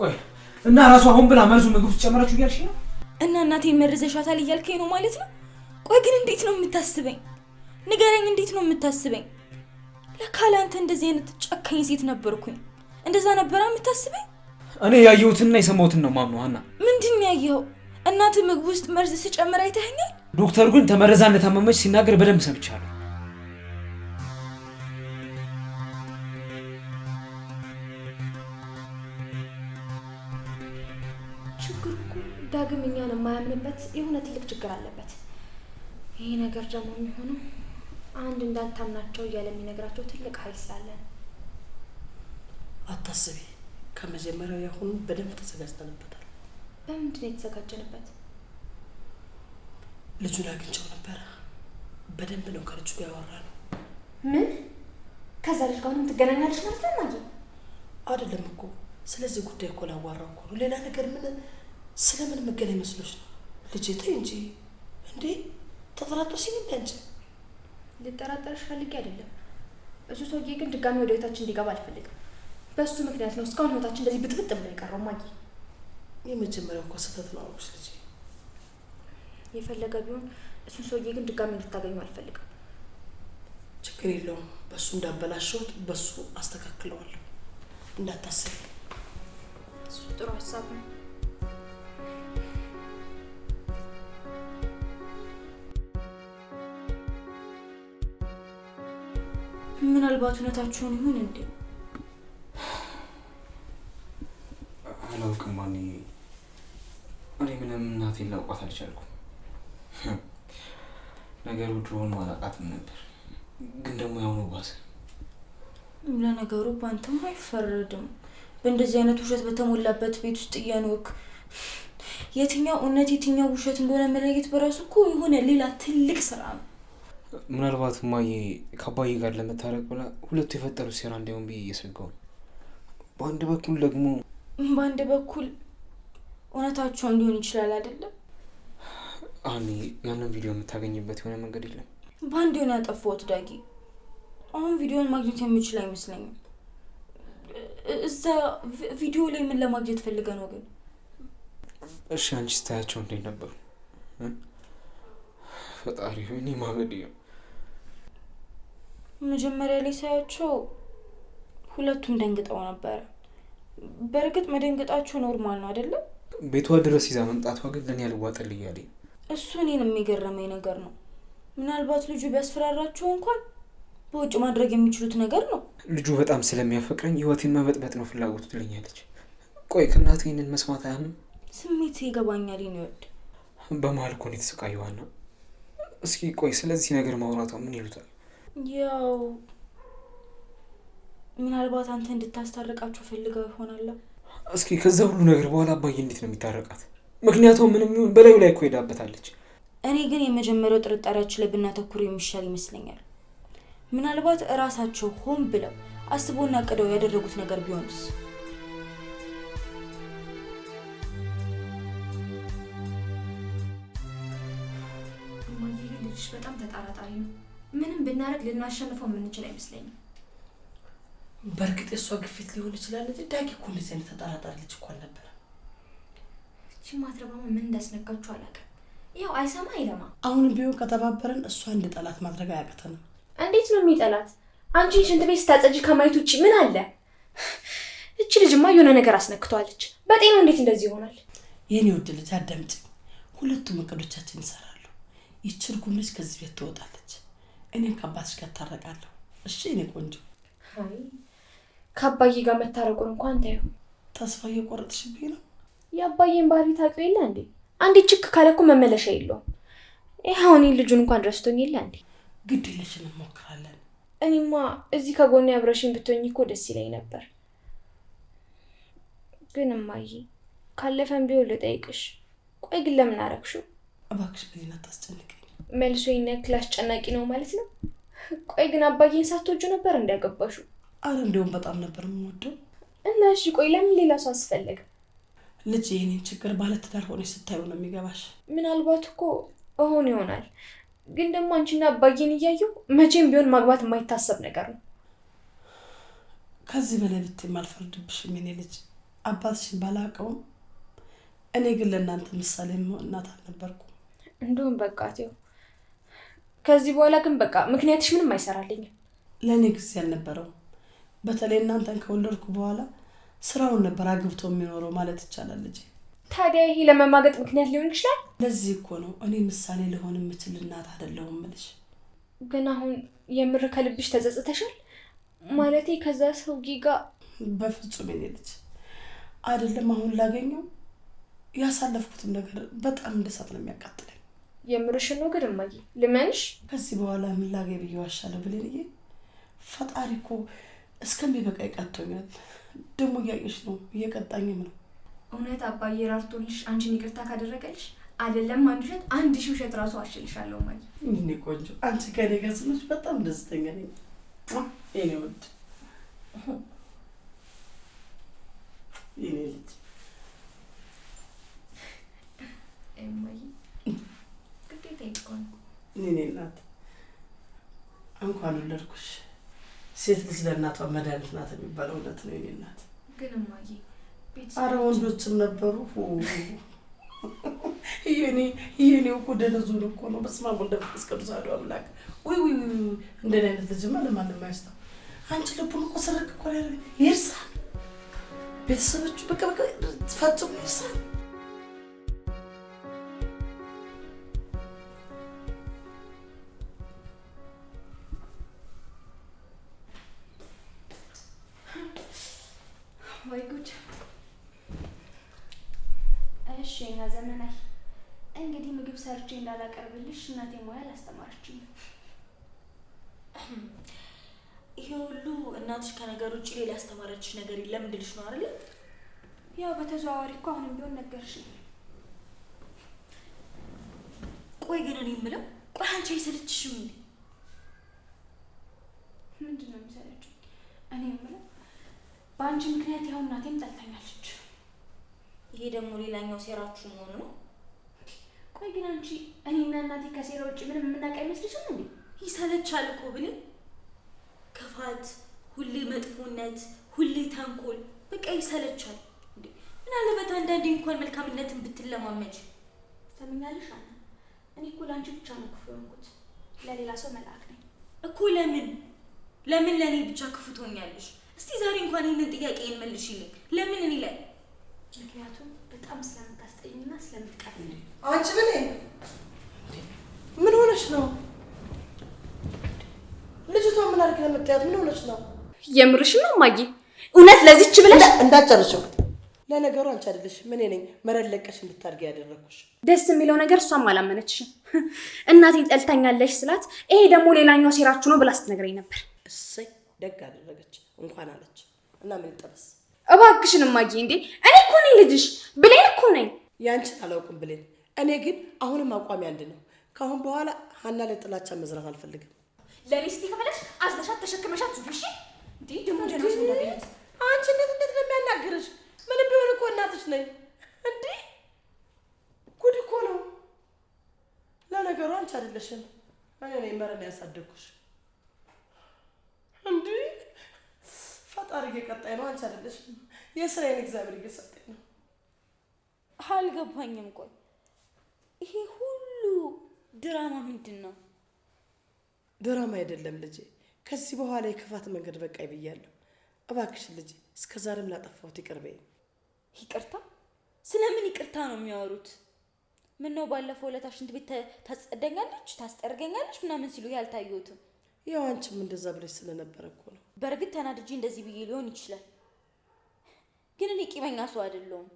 ቆይ እና ራሱ አሁን ብላ መርዙ ምግብ ውስጥ ጨመራችሁ እያልሽ ነው? እና እናቴን መርዘሻታል እያልከኝ ነው ማለት ነው? ቆይ ግን እንዴት ነው የምታስበኝ? ንገረኝ፣ እንዴት ነው የምታስበኝ? ለካ ለአንተ እንደዚህ አይነት ጨካኝ ሴት ነበርኩኝ። እንደዛ ነበራ የምታስበኝ? እኔ ያየሁትና የሰማሁትን ነው ማምነው። ሀና፣ ምንድን ያየኸው? እናት ምግብ ውስጥ መርዝ ስጨምር አይተኸኛል? ዶክተሩ ግን ተመረዛ እንደታመመች ሲናገር በደንብ ሰምቻለሁ። ዳግም እኛን የማያምንበት የሆነ ትልቅ ችግር አለበት። ይህ ነገር ደግሞ የሚሆነው አንድ እንዳታምናቸው እያለ የሚነግራቸው ትልቅ ኃይል ስላለን። አታስቢ፣ ከመጀመሪያው ያሁኑ በደንብ ተዘጋጅተንበታል። በምንድን ነው የተዘጋጀንበት? ልጁን አግኝቼው ነበረ። በደንብ ነው ከልጁ ጋር ነው። ምን? ከዛ ልጅ ጋር ትገናኛለች ማለት ነው? አይደለም እኮ ስለዚህ ጉዳይ እኮ ላዋራው እኮ ነው። ሌላ ነገር ምን ስለምን መገናኝ መስሎች ነው? ልጄ ተይ እንጂ እንዴ! ተጠራጠርሽ ይበል እንጂ። ልጠራጠርሽ ፈልጌ አይደለም። እሱ ሰውዬ ግን ድጋሚ ወደ ቤታችን እንዲገባ አልፈልግም። በእሱ ምክንያት ነው እስካሁን ህይወታችን እንደዚህ ብጥብጥ ብሎ የቀረው። ማጊ፣ የመጀመሪያው እኮ ስህተት ነው አልኩሽ ልጄ። የፈለገ ቢሆን እሱን ሰውዬ ግን ድጋሚ እንድታገኙ አልፈልግም። ችግር የለውም። በእሱ እንዳበላሸሁት በእሱ አስተካክለዋለሁ። እንዳታስብ። እሱ ጥሩ ሀሳብ ነው። ምናልባት እውነታችሁን ይሁን እንዴ? አላውቅም። ማን እኔ ምንም እናቴን ላውቋት አልቻልኩም። ነገሩ ድሮን አላውቃትም ነበር፣ ግን ደግሞ ያሁኑ ባሰ። ለነገሩ በአንተም አይፈረድም። በእንደዚህ አይነት ውሸት በተሞላበት ቤት ውስጥ እያኖርክ የትኛው እውነት የትኛው ውሸት እንደሆነ መለየት በራሱ እኮ የሆነ ሌላ ትልቅ ስራ ነው። ምናልባት እማዬ ከአባዬ ጋር ለመታረቅ ብላ ሁለቱ የፈጠሩ ሴራ እንዲሆን ብዬ እየሰጋው ነው። በአንድ በኩል ደግሞ በአንድ በኩል እውነታቸውን ሊሆን ይችላል አይደለም? አሚ ያንን ቪዲዮ የምታገኝበት የሆነ መንገድ የለም። በአንድ የሆነ ያጠፋሁት ዳጊ፣ አሁን ቪዲዮን ማግኘት የምችል አይመስለኝም። እዛ ቪዲዮ ላይ ምን ለማግኘት ፈልገ ነው ግን? እሺ አንቺ ስታያቸው እንዴት ነበሩ? ፈጣሪ ሆይ እኔ ማመድ ነው መጀመሪያ ላይ ሳያቸው ሁለቱም ደንግጠው ነበረ። በእርግጥ መደንገጣቸው ኖርማል ነው አይደለም? ቤቷ ድረስ ይዛ መምጣቷ ግን ለእኔ ያልዋጠልኝ እሱ እኔን የሚገረመኝ ነገር ነው። ምናልባት ልጁ ቢያስፈራራቸው እንኳን በውጭ ማድረግ የሚችሉት ነገር ነው። ልጁ በጣም ስለሚያፈቅረኝ ህይወቴን መበጥበጥ ነው ፍላጎቱ ትለኛለች። ቆይ ከእናት ይህንን መስማት አያምም? ስሜት ይገባኛል። ይወድ በመሀል እኮ ነው የተሰቃየዋና። እስኪ ቆይ ስለዚህ ነገር ማውራቷ ምን ይሉታል? ያው ምናልባት አንተ እንድታስታርቃቸው ፈልገው ይሆናለሁ። እስኪ ከዛ ሁሉ ነገር በኋላ አባዬ እንዴት ነው የሚታረቃት? ምክንያቱም ምንም ይሁን በላዩ ላይ እኮ ሄዳበታለች። እኔ ግን የመጀመሪያው ጥርጣሬያችን ላይ ብናተኩር የሚሻል ይመስለኛል። ምናልባት እራሳቸው ሆን ብለው አስቦና ቅደው ያደረጉት ነገር ቢሆንስ? ብናደርግ ልናሸንፈው የምንችል አይመስለኝም። በእርግጥ እሷ ግፊት ሊሆን ይችላል እንጂ ዳጊ እኮ እንደዚህ አይነት ተጠራጣሪ ልጅ እኮ አልነበረ። እቺ ማትረባማ ምን እንዳስነካችሁ አላውቅም። ያው አይሰማ አይለማ። አሁንም ቢሆን ከተባበረን እሷ እንደ ጠላት ማድረግ አያቅተንም። እንዴት ነው የሚጠላት? አንቺን ሽንት ቤት ስታጸጂ ከማየት ውጭ ምን አለ? እቺ ልጅማ የሆነ ነገር አስነክቷለች። በጤና እንዴት እንደዚህ ይሆናል? የኔ ውድ ልጅ አዳምጪ። ሁለቱም እቅዶቻችን ይሰራሉ። ይችል እርጉም ከዚህ ቤት ትወጣለች። እኔም ከአባትሽ ጋር እታረቃለሁ። እሺ እኔ ቆንጆ። አይ ከአባዬ ጋር መታረቁን እንኳን ታዩ። ተስፋ እየቆረጥሽብኝ ነው። የአባዬን ባህሪ ታውቂው የለ እንዴ? አንድ ችክ ካለኩ መመለሻ የለውም። ይኸው እኔ ልጁን እንኳን ረስቶኝ የለ እንዴ? ግድ የለሽን እንሞክራለን። እኔማ እዚህ ከጎን አብረሽኝ ብትሆኝ እኮ ደስ ይለኝ ነበር። ግን እማዬ ካለፈን ቢሆን ልጠይቅሽ። ቆይ ግን ለምን አረግሽው? እባክሽ ብሌን አታስጨንቅኝ። መልሶ ይህን ያክል አስጨናቂ ነው ማለት ነው። ቆይ ግን አባዬን ሳትወጁ ነበር እንዲያገባሹ? አረ እንዲሁም በጣም ነበር የምወደው እና እሺ፣ ቆይ ለምን ሌላ ሰው አስፈለገ? ልጅ ይህንን ችግር ባለትዳር ሆኔ ስታዩ ነው የሚገባሽ። ምናልባት እኮ እሆን ይሆናል ግን ደግሞ አንቺና አባዬን እያየው መቼም ቢሆን ማግባት የማይታሰብ ነገር ነው። ከዚህ በላይ ብት አልፈርድብሽም የኔ ልጅ። አባትሽን ባላቀውም፣ እኔ ግን ለእናንተ ምሳሌ እናት አልነበርኩም። እንዲሁም በቃ ከዚህ በኋላ ግን በቃ ምክንያትሽ ምንም አይሰራልኝም። ለእኔ ጊዜ አልነበረው። በተለይ እናንተን ከወለድኩ በኋላ ስራውን ነበር አግብቶ የሚኖረው ማለት ይቻላል። ልጄ ታዲያ ይሄ ለመማገጥ ምክንያት ሊሆን ይችላል። ለዚህ እኮ ነው እኔ ምሳሌ ልሆን የምችል እናት አይደለሁም እምልሽ። ግን አሁን የምር ከልብሽ ተጸጽተሻል ማለቴ ከዛ ሰው ጊጋ? በፍጹም የኔ ልጅ አይደለም። አሁን ላገኘው ያሳለፍኩትን ነገር በጣም እንደሳት ነው የሚያቃጥለው የምርሽን ነው ግን እማዬ፣ ልመንሽ ከዚህ በኋላ ምን ላገኝ ብዬ ዋሻለሁ? ብሌንዬ፣ ፈጣሪ እኮ እስከሚበቃኝ ቀጥቶኛል። ደግሞ እያየሽ ነው፣ እየቀጣኝም ነው። እውነት አባዬ ራርቶልሽ አንቺን ይቅርታ ካደረገልሽ አይደለም አንድ ውሸት አንድ ሺ ውሸት ራሱ አሽልሻለሁ። እማዬ፣ እኔ ቆንጆ፣ አንቺ ከኔ ጋር ስለሽ በጣም ደስተኛ ነኝ። ይኔ ወድ ይኔ ልጅ እኔ እናት እንኳን ወለድኩሽ። ሴት ልጅ ለእናቷ መድኃኒት ናት የሚባለው እውነት ነው። የእኔ እናት ግን እማዬ፣ ወንዶችም ነበሩ። የኔው እኮ ደነዙን እኮ ነው። በስመ አብ ወወልድ ወመንፈስ ቅዱስ አሐዱ አምላክ። ውይ ውይ፣ እንደኔ አይነት ልጅማ ለማንም አያስታው። አንቺ ልቡን እኮ ስርቅ እኮ ያደረገ ይርሳል። ቤተሰቦቹ በቃ በቃ ፈጽሞ ይርሳል። እንዳላቀርብልሽ እናቴ ሙያ አላስተማረችኝ። ይሄ ሁሉ እናትሽ ከነገር ውጭ ሌላ ያስተማረችሽ ነገር የለም እንድልሽ ነው አይደለ? ያው በተዘዋዋሪ እኮ አሁንም ቢሆን ነገርሽ ቆይ ግን እኔ የምለው ቆይ አንቺ አይሰለችሽም? ምንድን ነው የሚሰለችው? እኔ የምለው በአንቺ ምክንያት ያው እናቴም ጠልታኛለች። ይሄ ደግሞ ሌላኛው ሴራችሁ መሆኑ ነው። ቆይ ግን አንቺ እኔና እናቴ ከሴራ ውጭ ምንም የምናውቅ አይመስልሽም እንዴ? ይሰለቻል እኮ ብለን ክፋት፣ ሁሌ መጥፎነት፣ ሁሌ ተንኮል በቃ ይሰለቻል። ምናልባት አንዳንዴ እንኳን መልካምነትን ብትለማመጅ። ሰምኛለሽ አና፣ እኔ እኮ ለአንቺ ብቻ ነው ክፉ የሆንኩት፣ ለሌላ ሰው መልአክ ነኝ እኮ። ለምን ለምን ለእኔ ብቻ ክፉ ትሆኛለሽ? እስቲ ዛሬ እንኳን ይህንን ጥያቄ መልሽልኝ። ለምን እኔ ላይ? ምክንያቱም በጣም ስለምታስጠይ አንቺ ምን ምን ሆነች ነው? ልጅቷ ምን አድርግ ለመጠያት ምን ሆነች ነው? የምርሽ ነው ማዬ? እውነት ለዚች ብለሽ እንዳጨርሽው። ለነገሩ አንቺ አይደለሽ ምን ነኝ መረድ ለቀሽ እንድታድጊ ያደረኩሽ። ደስ የሚለው ነገር እሷም አላመነችሽም። እናቴን ጠልታኛለሽ ስላት ይሄ ደግሞ ሌላኛው ሴራችሁ ነው ብላ ስትነግረኝ ነበር። እሰይ ደግ አደረገች እንኳን አለች እና ምን ይጠበስ እባክሽን እማዬ። እንዴ እኔ እኮ ነኝ ልጅሽ ብሌን እኮ ነኝ። ያንቺን አላውቅም ብሌን፣ እኔ ግን አሁንም አቋሚ አንድ ነው። ከአሁን በኋላ ሀና ላይ ጥላቻ መዝራት አልፈልግም። ለእኔ ስቲ ከበለሽ አዝለሻት ተሸክመሻት ዙሽ እንዲ ደግሞ ደኖስ እንዳገኘት አንቺ እንዴት እንዴት ነው የሚያናግርሽ? ምንም ቢሆን እኮ እናትሽ ነኝ። እንዲ ጉድ እኮ ነው። ለነገሩ አንቺ አይደለሽም እኔ ነኝ መረን ያሳደግኩሽ። እንዲ ፈጣሪ እየቀጣይ ነው። አንቺ አይደለሽም። የስራዬን እግዚአብሔር እየሰጠኝ ነው። አልገባኝም። ቆይ ይሄ ሁሉ ድራማ ምንድን ነው? ድራማ አይደለም ልጄ። ከዚህ በኋላ የክፋት መንገድ በቃ ይብያለሁ። እባክሽ ልጄ፣ እስከ ዛሬም ላጠፋሁት ይቅር በይኝ። ይቅርታ? ስለምን ይቅርታ ነው የሚያወሩት? ነው ባለፈው ዕለት ሽንት ቤት ታጸደኛለች፣ ታስጠርገኛለች ምናምን ሲሉ ያልታየሁትም። ያው አንቺም እንደዛ ብለሽ ስለነበረ እኮ ነው። በእርግጥ ተናድጄ እንደዚህ ብዬ ሊሆን ይችላል፣ ግን እኔ ቂመኛ ሰው አይደለሁም።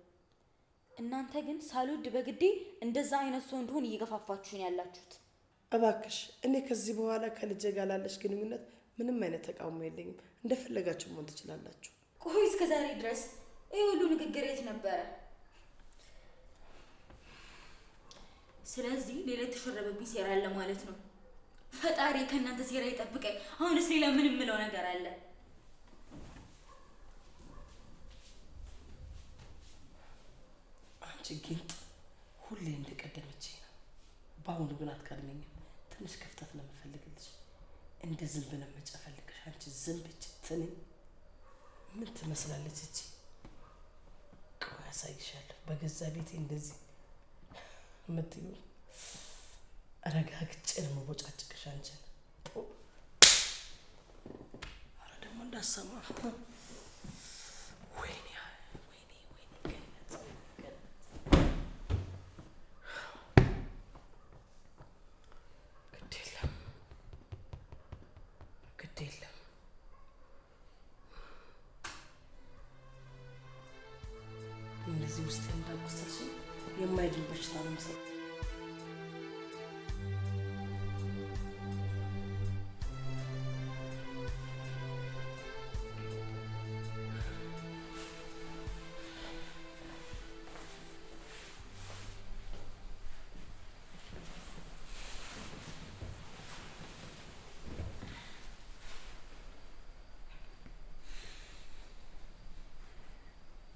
እናንተ ግን ሳልወድ በግዴ እንደዛ አይነት ሰው እንደሆን እየገፋፋችሁን ያላችሁት። እባክሽ እኔ ከዚህ በኋላ ከልጄ ጋር ላለሽ ግንኙነት ምንም አይነት ተቃውሞ የለኝም። እንደፈለጋችሁ መሆን ትችላላችሁ። ቆይ እስከ ዛሬ ድረስ ይህ ሁሉ ንግግር የት ነበረ? ስለዚህ ሌላ የተሸረበብኝ ሴራ አለ ማለት ነው። ፈጣሪ ከእናንተ ሴራ ይጠብቀኝ። አሁንስ ሌላ ምን የምለው ነገር አለ? ጊንጥ ሁሌ እንደቀደመች ነው። በአሁኑ ግን አትቀድመኝም። ትንሽ ክፍተት ነው የምፈልግልሽ። እንደ ዝንብ ነው የምጨፈልግሽ። አንቺ ዝንብች ትንኝ ምን ትመስላለች እቺ? ቆይ ያሳይሻለሁ። በገዛ ቤቴ እንደዚህ ምት ረጋግጬ ነው መቦጫጭቅሽ አንቺን። ደግሞ እንዳሰማ ወይኔ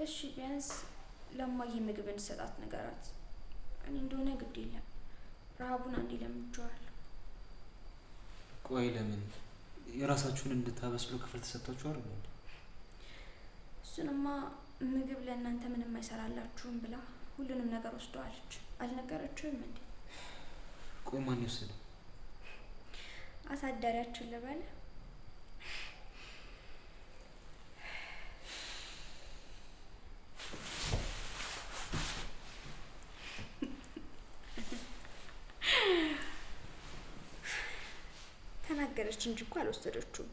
እሺ ቢያንስ ለማዬ ምግብ እንሰጣት ነገራት። እኔ እንደሆነ ግድ የለም ረሃቡን አንዴ ለምጄዋለሁ። ቆይ ለምን የራሳችሁን እንድታበስሉ ክፍል ተሰጥቷችኋል? እሱንማ ምግብ ለእናንተ ምንም አይሰራላችሁም ብላ ሁሉንም ነገር ወስደዋለች። አልነገረችውም እንዴ? ቆይ ማን ይወስድ? አሳዳሪያችን ልበል ነገረች እንጂ እኮ አልወሰደችውም።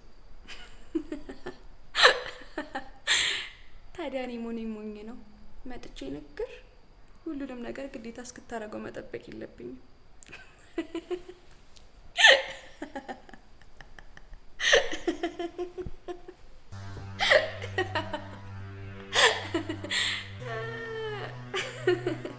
ታዲያ እኔ ሞኔ ሞኝ ነው መጥቼ ንግር ሁሉንም ነገር ግዴታ እስክታደርገው መጠበቅ የለብኝም። Ha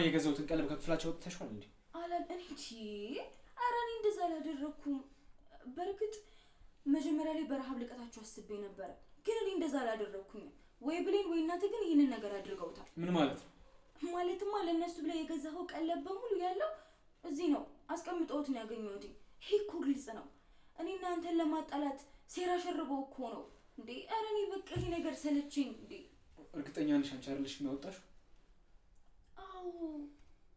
ለማንኛውም የገዛሁትን ቀለብ ከክፍላቸው ወጥተሻል እንዴ? አላል እኔ እንጂ ኧረ እኔ እንደዛ አላደረኩም። በእርግጥ መጀመሪያ ላይ በረሃብ ልቀታችሁ አስቤ ነበረ፣ ግን እኔ እንደዛ አላደረኩኝ። ወይ ብሌን ወይ እናት ግን ይህንን ነገር አድርገውታል። ምን ማለት ነው? ማለትማ ለእነሱ ብላ የገዛኸው ቀለብ በሙሉ ያለው እዚህ ነው፣ አስቀምጠውት ነው ያገኘሁት። ይሄ እኮ ግልጽ ነው። እኔ እናንተን ለማጣላት ሴራ ሸርበው እኮ ነው እንዴ? ኧረ እኔ በቃ ይሄ ነገር ሰለችኝ። እንዴ እርግጠኛ ነሽ አንቺ አይደለሽ የሚያወጣሽው አዎ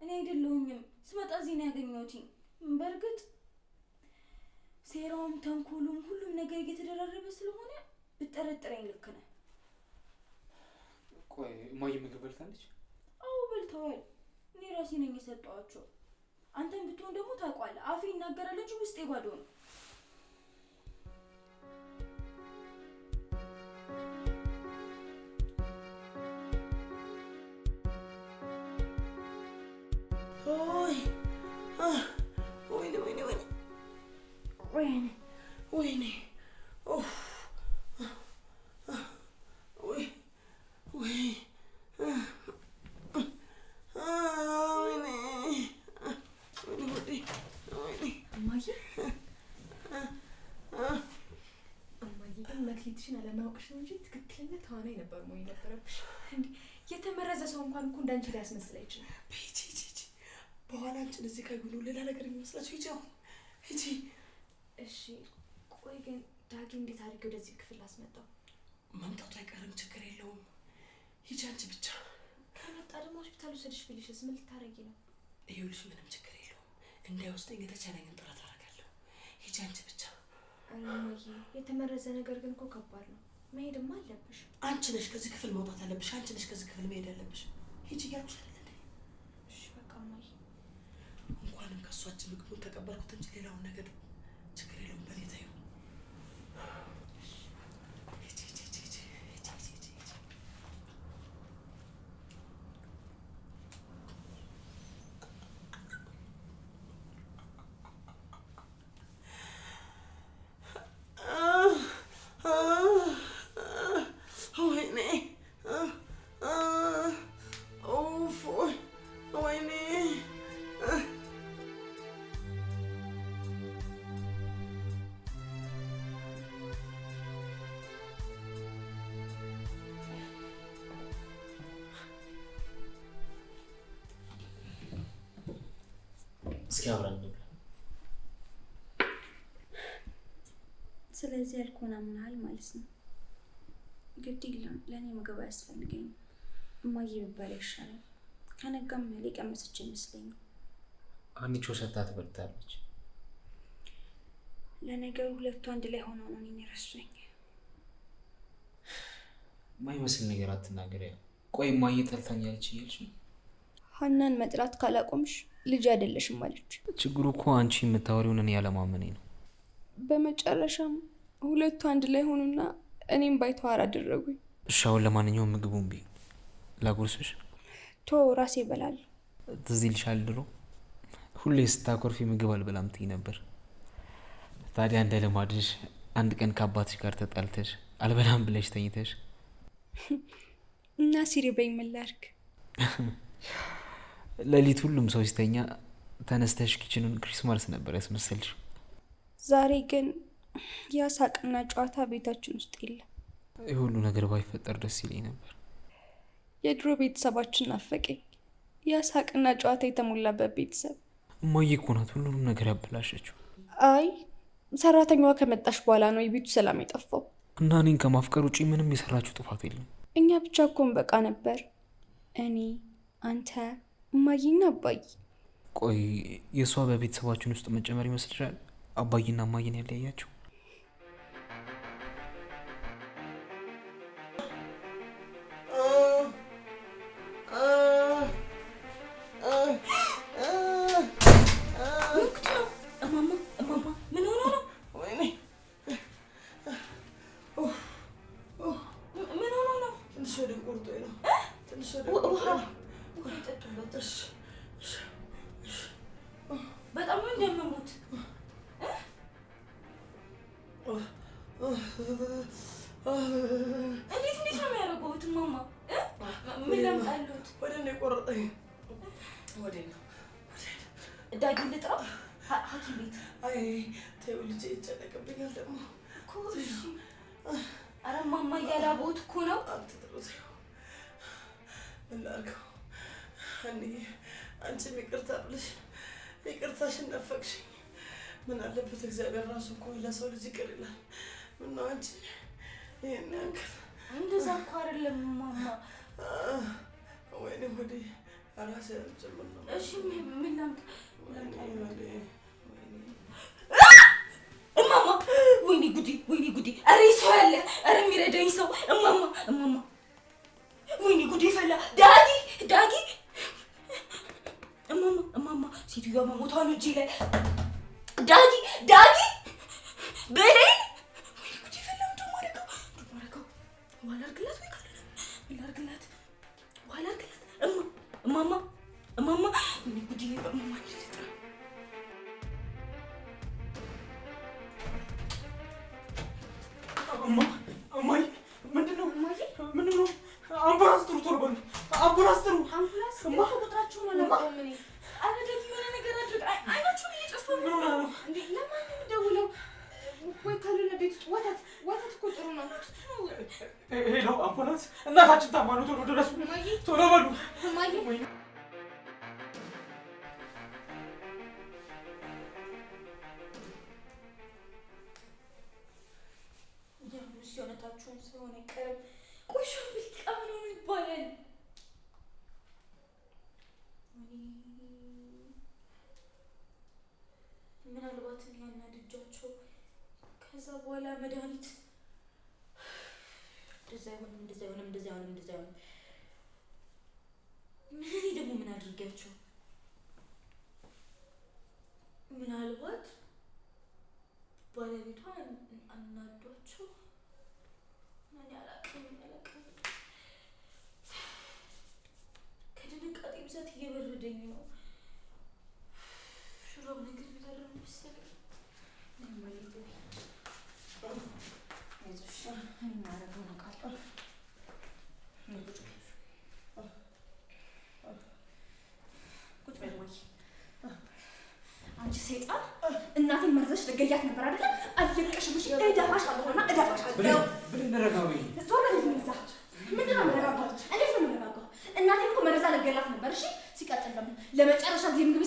እኔ አይደለሁኝም። ስመጣ እዚህ ነው ያገኘሁት። በእርግጥ ሴራውም ተንኮሉም ሁሉም ነገር እየተደራረበ ስለሆነ ብጠረጥረኝ ልክ ነህ። ቆይ እማዬ ምግብ በልታለች? አዎ በልተዋል። እኔ ራሴ ነኝ የሰጠኋቸው። አንተን ብትሆን ደግሞ ታውቋለህ፣ አፌ ይናገራል እንጂ ውስጤ ባዶ ነው። ወይኔ ወይኔ ወይኔ ወይኔ መክሊትሽን አለማወቅሽ ነው እንጂ ትክክለኛ ተዋናይ ነበር መሆን የነበረብሽ። የተመረዘ ሰው እንኳን እኮ እንዳንቺ ሊያስመስል አይችልም። ሰዎች እንደዚህ ከግሉ ሌላ ነገር የሚመስላቸው ሂጂ፣ አሁን ሂጂ። እሺ ቆይ ግን ዳጊ እንዴት አድርጌ ወደዚህ ክፍል አስመጣው? መምጣቱ አይቀርም ችግር የለውም። ሂጂ አንቺ ብቻ። ከመጣ ደግሞ ሆስፒታል ውሰድሽ ብልሽስ ምን ልታረጊ ነው? ይኸውልሽ ምንም ችግር የለውም። እንዳይወስደኝ የተቻለኝን ጥረት አደርጋለሁ። ሂጂ አንቺ ብቻ። እማዬ የተመረዘ ነገር ግን እኮ ከባድ ነው። መሄድማ አለብሽ። አንቺ ነሽ ከዚህ ክፍል መውጣት አለብሽ። አንቺ ነሽ ከዚህ ክፍል መሄድ አለብሽ። ሂጂ እያልኩሽ አይደል እንዴ? እሺ በቃ እማዬ ከእሷችን ምግቡን ተቀበልኩት እንጂ ሌላውን ነገር እስኪ አብረን እንብላ። ስለዚህ ያልኩህን አምናሃል ማለት ነው። ግድ የለም ለእኔ ምግብ አያስፈልገኝም። እማዬ ብባል ይሻላል። ከነጋም ሊቀመሰች ይመስለኛል። አንቺ ሰታ ትበልታለች። ለነገሩ ሁለቱ አንድ ላይ ሆነው ነው እኔን የረሱኝ። ማይመስል ነገር አትናገሪ። ቆይ እማዬ ጠልታኛለች እያልሽ ነው? ሀናን መጥላት ካላቆምሽ ልጅ አይደለሽም አለች። ችግሩ እኮ አንቺ የምታወሪውን እኔ ያለማመኔ ነው። በመጨረሻም ሁለቱ አንድ ላይ ሆኑና እኔም ባይተዋር አደረጉኝ። እሺ አሁን ለማንኛውም ምግቡን ቢ ላጎርስሽ። ቶ ራሴ እበላለሁ። ትዝ ይልሻል ድሮ ሁሌ ስታኮርፊ ምግብ አልበላም ትይ ነበር። ታዲያ እንደ ልማድሽ አንድ ቀን ከአባትሽ ጋር ተጣልተሽ አልበላም ብለሽ ተኝተሽ እና ሲሪ በኝ ምላርክ ለሊት ሁሉም ሰው ሲተኛ ተነስተሽ ኪችኑን ክሪስማስ ነበር ያስመሰልሽ። ዛሬ ግን ያ ሳቅና ጨዋታ ቤታችን ውስጥ የለም። ይህ ሁሉ ነገር ባይፈጠር ደስ ይለኝ ነበር። የድሮ ቤተሰባችን ናፈቀኝ። ያ ሳቅና ጨዋታ የተሞላበት ቤተሰብ። እማዬ እኮ ናት ሁሉንም ነገር ያበላሸችው። አይ ሰራተኛዋ ከመጣሽ በኋላ ነው የቤቱ ሰላም የጠፋው። እና እኔን ከማፍቀር ውጪ ምንም የሰራችው ጥፋት የለም። እኛ ብቻ እኮን በቃ ነበር እኔ አንተ እማዬና አባዬ። ቆይ የእሷ በቤተሰባችን ውስጥ መጨመር ይመስልሻል? አባዬና እማዬን ያለያያቸው ምን ነው? ይጠጡበት። በጣም ነው እንደምሙት። እንዴት እንዴት ነው የሚያደርጉት? ማማ ምን ለምጣሉት? ወደ እኔ ቆረጠኝ። ወደ ነው ዳጊ ልጥራው ሐኪም ቤት። አይ ተይው ልጄ፣ ይጨነቅብኛል ደግሞ እኮ። እሺ ማማ እያላቦት እኮ ነው። ምን ላድርገው ሀኒ አንቺም ይቅርታ ብለሽ ይቅርታሽን ነፈቅሽኝ። ምን አለበት እግዚአብሔር ራሱ እኮ ለሰው ልጅ ይቅር ይላል። ምነው አንቺ ይህን ያክል እንደዛ እኮ አይደለም ማማ። ወይኔ ወደ አራሴ ጭምር ነው። እሺ ምን ላምጣ? እማማ ወይኔ ጉዴ፣ ወይኔ ጉዴ! ኧረ ሰው ያለ ኧረ የሚረዳኝ ሰው እማማ፣ እማማ ወይኔ ጉዴ ፈላ ሴትዮዋ መሞቷ ነው እጄ ዳጊ ዳጊ በለ ጥሩ ነው። ሄሎ አምቡላንስ! እናታችን ታማ ነው፣ ቶሎ ድረሱ፣ ቶሎ በሉ። ስለሆነ ቆሾ ነው ይባላል። ያናድጃቸው ከዛ በኋላ መድኃኒት እንደዛ አይሆንም፣ እንደዛ አይሆንም፣ እንደዛ አይሆንም፣ እንደዛ አይሆንም። ምን ደግሞ ምን አድርጋቸው ምናልባት ባለቤቷ አናዷቸው ምን አላውቅም አላውቅም። ብዛት እየበረደኝ ነው። ነገር መሰለኝ አንቺ ሰይጣን እናቴን መርዘሽ ልገያት ነበር አይደለ? አልለቀሽም። እሺ እደፋሻለሁ እና ዞር ምንድን ነው እንዴት ነው እናቴን እኮ መርዛ ልገላት ነበር። እሺ ሲቀጥል ደግሞ ለመጨረሻ ጊዜ ምግብ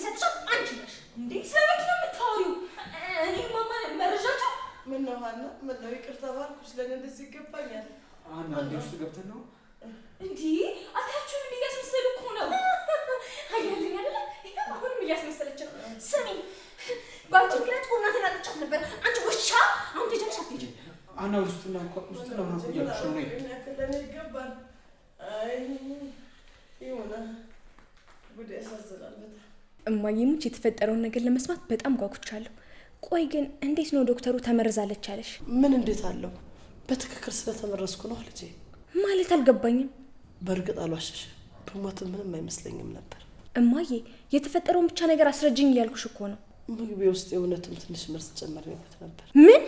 አንቺ ነሽ እንዴ? ስለምንድን ነው የምታወሪው? ምን ነው ሀና? ምን ነው ይቅርታ ባልኩሽ። ለእኔ እንደዚህ ይገባኛል። ሀና እንዴ ውስጥ ገብተን ነው እንዲህ አታችሁን? እንዲህ እያስመሰሉ እኮ ነው አያለኝ አይደለ? አሁንም እያስመሰለች ነው። ስሚ፣ በአንቺ ምክንያት እኮ እናቴን ነበር። አንቺ ውሻ! አሁን ትሄጃለሽ አትሄጂም? አና ውስጥና ውስጥና ማቆያለሽ ነው ለእኔ ይገባል። አይ ይሁና፣ ጉዳይ ያሳዝናል በጣም እማዬ ሙች የተፈጠረውን ነገር ለመስማት በጣም ጓጉቻለሁ። ቆይ ግን እንዴት ነው ዶክተሩ ተመርዛለች አለሽ? ምን እንዴት አለው? በትክክል ስለተመረዝኩ ነው ልጄ። ማለት አልገባኝም። በእርግጥ አሏሸሸ ብሞት ምንም አይመስለኝም ነበር። እማዬ የተፈጠረውን ብቻ ነገር አስረጅኝ እያልኩሽ እኮ ነው። ምግቤ ውስጥ የእውነትም ትንሽ መርዝ ጨምሬበት ነበር። ምን?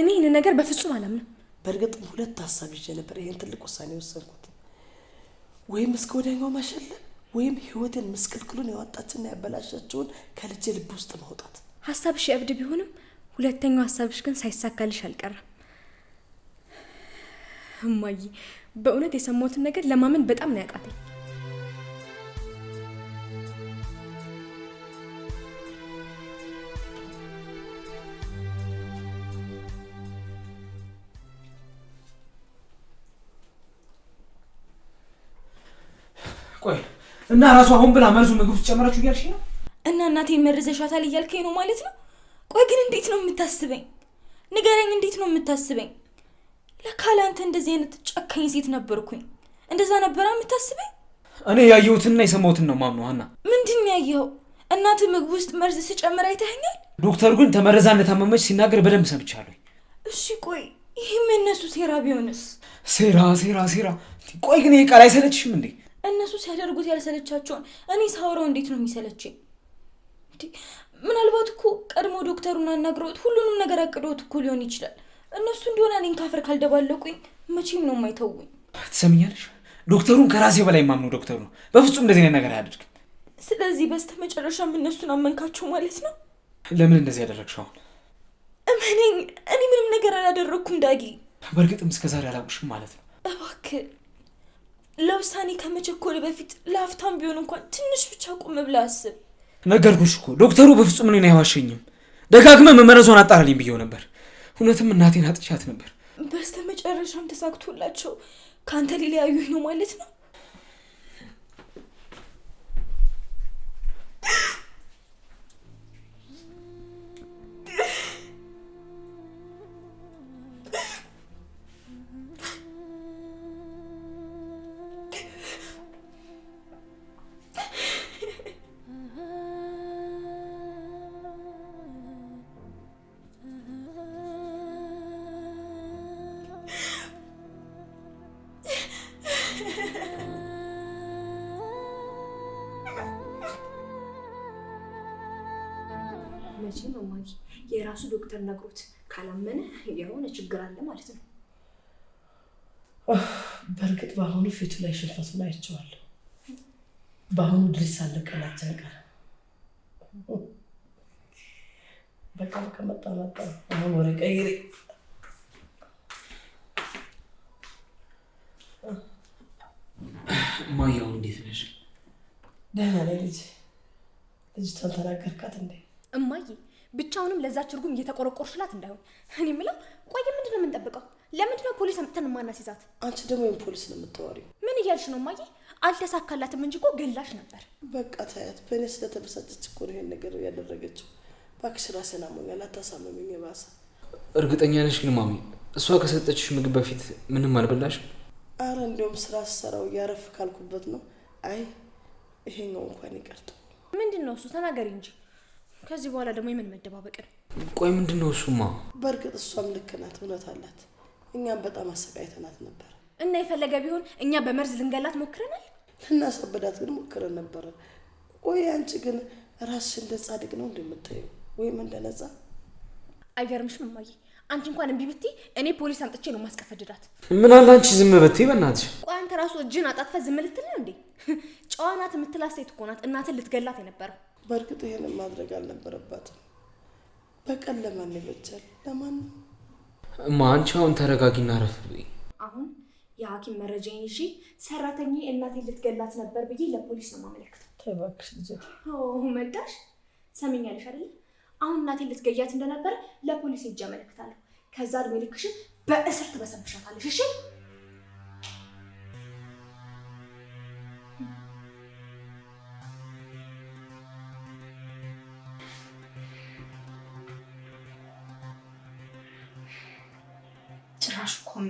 እኔ ይህን ነገር በፍጹም አላምንም። በእርግጥም ሁለት ሀሳብ ይዤ ነበር ይህን ትልቅ ውሳኔ የወሰንኩት። ወይም እስከ ወዲያኛው ማሸለም ወይም ህይወቴን ምስቅልቅሉን ያወጣችና ያበላሻችውን ከልጄ ልብ ውስጥ ማውጣት ሀሳብሽ የእብድ ቢሆንም ሁለተኛው ሀሳብሽ ግን ሳይሳካልሽ አልቀረም። እማዬ በእውነት የሰማሁትን ነገር ለማመን በጣም ነው ያቃተኝ። ቆይ እና ራሱ አሁን ብላ መልሱ ምግብ ውስጥ እያልሽ ነው እናቴን መርዘሻታል እያልከኝ ነው ማለት ነው? ቆይ ግን እንዴት ነው የምታስበኝ? ንገረኝ፣ እንዴት ነው የምታስበኝ? ለካ ለአንተ እንደዚህ አይነት ጨካኝ ሴት ነበርኩኝ። እንደዛ ነበራ የምታስበኝ? እኔ ያየሁትንና የሰማሁትን ነው ማምነው። ሀና፣ ምንድን ያየኸው? እናት ምግብ ውስጥ መርዝ ስጨምር አይተኸኛል? ዶክተሩ ግን ተመረዛ እንደታመመች ሲናገር በደንብ ሰምቻለሁ። እሺ ቆይ ይህም የእነሱ ሴራ ቢሆንስ? ሴራ ሴራ ሴራ። ቆይ ግን ይሄ ቃል አይሰለችሽም እንዴ? እነሱ ሲያደርጉት ያልሰለቻቸውን እኔ ሳውረው እንዴት ነው የሚሰለችኝ? እንዴ ምናልባት እኮ ቀድሞ ዶክተሩን አናግረውት ሁሉንም ነገር አቅደውት እኮ ሊሆን ይችላል። እነሱ እንደሆነ እኔን ካፈር ካልደባለቁኝ መቼም ነው የማይተውኝ። ትሰምኛለሽ? ዶክተሩን ከራሴ በላይ የማምነው ዶክተሩ ነው። በፍጹም እንደዚህ አይነት ነገር አያደርግ። ስለዚህ በስተመጨረሻም እነሱን አመንካቸው ማለት ነው። ለምን እንደዚህ ያደረግሽው? አሁን እመነኝ፣ እኔ ምንም ነገር አላደረግኩም ዳጊ። በእርግጥም እስከዛሬ አላውቅሽም ማለት ነው። እባክህ ለውሳኔ ከመቸኮል በፊት ለአፍታም ቢሆን እንኳን ትንሽ ብቻ ቁም ብለህ አስብ። ነገርኩሽ እኮ ዶክተሩ በፍጹም እኔን አይዋሸኝም። ደጋግመ መመረዟን አጣራልኝ ብየው ነበር። እውነትም እናቴን አጥቻት ነበር። በስተ መጨረሻም ተሳክቶላቸው ከአንተ ሊለያዩኝ ነው ማለት ነው። ዶክተር ነግሮት ካላመነ የሆነ ችግር አለ ማለት ነው። በእርግጥ በአሁኑ ፊቱ ላይ ሽንፈቱን አይቼዋለሁ። በአሁኑ ድሪስ አለቀናት ነገር በቃ ከመጣ መጣ። አሁን ወሬ ቀይሬ ማያው እንዴት ነሽ? ደህና ነኝ ልጅ። ልጅቷን ተናገርካት እንዴ? እማዬ ብቻውንም ለዛች እርጉም እየተቆረቆርሽላት እንዳይሆን። እኔ የምለው ቆይ ምንድን ነው የምንጠብቀው? ለምንድን ነው ፖሊስ አምጥተን ማናስይዛት? አንቺ ደግሞ ይህን ፖሊስ ነው የምታወሪው? ምን እያልሽ ነው ማየ? አልተሳካላትም እንጂ እኮ ገላሽ ነበር። በቃ ታያት፣ በእኔ ስለተበሳጨች እኮ ነው ይሄን ነገር ያደረገችው። እባክሽ ራስን አሞኛል፣ አታሳምሚኝ። የባሰ እርግጠኛ ነሽ ግን ማሚ፣ እሷ ከሰጠችሽ ምግብ በፊት ምንም አልበላሽ? አረ እንዲሁም ስራ ስሰራው እያረፍ ካልኩበት ነው። አይ ይሄኛው እንኳን ይቀርጠ። ምንድን ነው እሱ? ተናገሪ እንጂ ከዚህ በኋላ ደግሞ የምን መደባበቅ ነው? ቆይ ምንድን ነው እሱማ? በእርግጥ እሷም ልክ ናት፣ እውነት አላት። እኛም በጣም አሰቃይተናት ነበር እና የፈለገ ቢሆን እኛ በመርዝ ልንገላት ሞክረናል፣ ልናሳብዳት ግን ሞክረን ነበረ። ቆይ አንቺ ግን ራስሽ እንደ ጻድቅ ነው እንደምታየው ወይም እንደ ነጻ አይገርምሽም? እማዬ አንቺ እንኳን እምቢ ብትይ እኔ ፖሊስ አምጥቼ ነው ማስቀፈድዳት ምን አለ አንቺ ዝም ብትይ በእናትሽ። ቆይ አንተ ራሱ እጅን አጣጥፈ ዝም ልትል ነው እንዴ? ጨዋናት የምትላት ሴት እኮ ናት እናትን ልትገላት የነበረው በእርግጥ ይህንን ማድረግ አልነበረባትም። በቀን ለማን ይበጃል? ለማን ማንቻውን? አንቺ አሁን ተረጋጊና ረፍ ብይ። አሁን የሐኪም መረጃዬን ይዤ ሰራተኛ እናቴን ልትገላት ነበር ብዬ ለፖሊስ ነው ማመለክተው። ተይ እባክሽ ልጄ። መጣሽ? ሰሚኛለሽ አይደል? አሁን እናቴ ልትገያት እንደነበረ ለፖሊስ ሄጄ አመለክታለሁ። ከዛ እድሜ ልክሽን በእስር ትበሰብሻታለሽ። እሺ አልቆም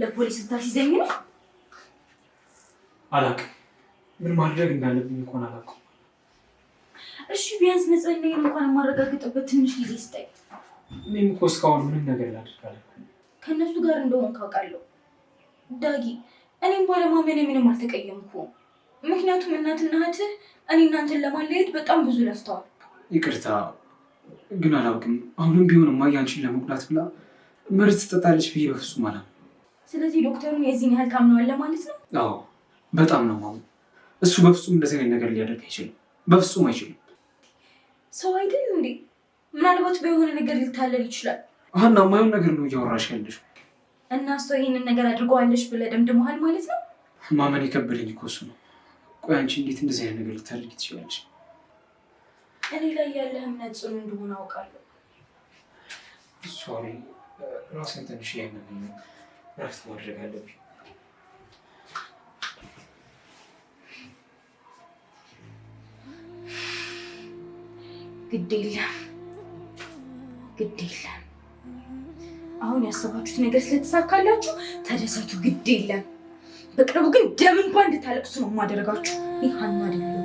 ለፖሊስ ስታስይዘኝ ነው። አላውቅም ምን ማድረግ እንዳለብኝ እንኳን አላውቅም። ንጽህናዬን እንኳን የማረጋግጥበት ትንሽ ጊዜ ስጠኝ። እኔም እኮ እስካሁን ምንም ነገር ላድርጋለሁ ከእነሱ ጋር እንደሆን ካውቃለሁ። ዳጊ፣ እኔም ባለማመን ምንም አልተቀየምኩም። ምክንያቱም እናትና እህትህ እኔ እናንተን ለማለየት በጣም ብዙ ለፍተዋል። ይቅርታ ግን አላውቅም። አሁንም ቢሆን ማያንችን ለመጉዳት ብላ መርዝ ትጠጣለች ብዬ በፍጹም አላ ስለዚህ ዶክተሩን የዚህን ያህል ታምነዋለህ ማለት ነው? አዎ በጣም ነው ማሙ። እሱ በፍጹም እንደዚህ አይነት ነገር ሊያደርግ አይችልም። በፍጹም አይችልም። ሰው አይደል እንዴ? ምናልባት በየሆነ ነገር ሊታለል ይችላል። አሀና ማየውን ነገር ነው እያወራሽ ያለሽ። እና እሷ ይህንን ነገር አድርገዋለች ብለህ ደምድመሃል ማለት ነው? ማመን የከበደኝ እኮ እሱ ነው። ቆይ አንቺ እንዴት እንደዚህ አይነት ነገር ልታደርጊ ትችላለች? እኔ ላይ ያለህ እምነት ጽኑ እንደሆነ አውቃለሁ። ሶሪ ራሴን ትንሽ ያመመኝ፣ እረፍት ማድረግ አለብኝ። ግድ የለም ግድ የለም። አሁን ያሰባችሁት ነገር ስለተሳካላችሁ ተደሰቱ፣ ግድ የለም። በቅርቡ ግን ደም እንኳን እንድታለቅሱ ነው የማደርጋችሁ። ይህ